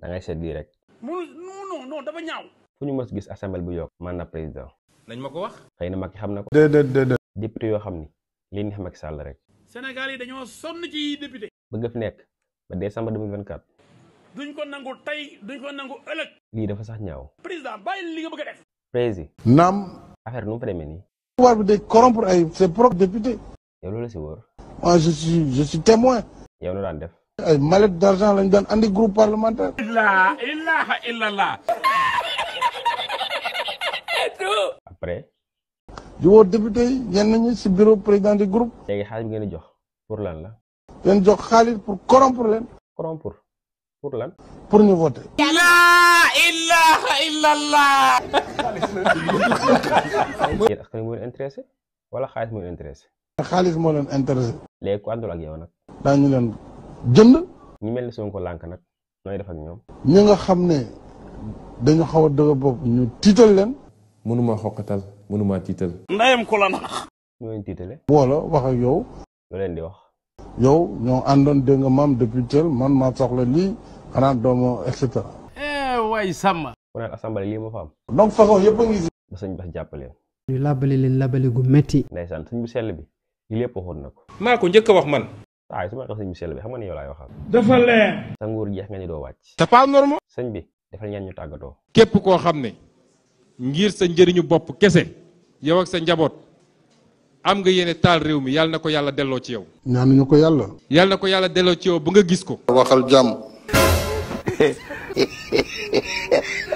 da ngay seet lii rek. mënu non non dafa ñaaw. fu ñu mës gis assemblée bu yokk man na président. nañ ma ko wax. xëy na Macky xam na ko. déedéet député yoo xam ni lii neex Macky Sall rek. Sénégal yi dañoo sonn ci député. bëgg fi nekk ba décembre 2024. duñ ko nangu tey lii dafa sax ñaaw. président bàyyi li nga bëgg def. président. naam. affaire nu mu fa demee nii. pouvoir bi day corrompre ay ses propres députés. yow loolu si wóor. moi je suis je suis témoin. yow noo daan def. ay mallette d'argent lañ daan andi groupe parlementaire. la ilaha illallah. après. jubóo député yi ñenn ñi si bureau président du groupe. léegi xaalis bi jox pour lan la. ngeen jox xaalis pour pour lan. pour ñu voter. intéressé wala xaalis moo leen intéressé. xaalis moo intéressé. léegi ku àndul ak yow nag. daañu leen. jënd. ñu mel ne Sonko lànk nag nooy def ñoom. ñu nga xam ne dañu xaw a dëgër bopp ñu tiital leen. mënuma xoqatal mënuma tiital. ndayam ko la nax. ñu leen tiitale. wala wax ak yow. lu di wax. yow ñoo àndoon dégg nga maam depuis man ma soxla lii xanaa doomu et cetera. Eh, waay sàmm. kon nag lii moo fa donc façon yëpp a ngi si. ba sëñ Bass jàppale. ñu labale leen labale gu métti. ndeysaan sëñ bu sell bi li lépp waxoon na ko. maa ko njëkk a wax man. saay ah, su ma tax sëñ bi sell bi xam nga ni yow waxal dafa sa nguur jeex nga ni doo wàcc c'est pas normal sëñ bi defal ñaan ñu tàggatoo képp koo xam ne ngir sa njëriñu bopp kese yow ak sa njaboot am nga yéene taal réew mi yàlla na ko yàlla delloo ci yow ñaanuñu ko yàlla yàlla na ko yàlla delloo ci yow ba nga gis ko waxal jàmm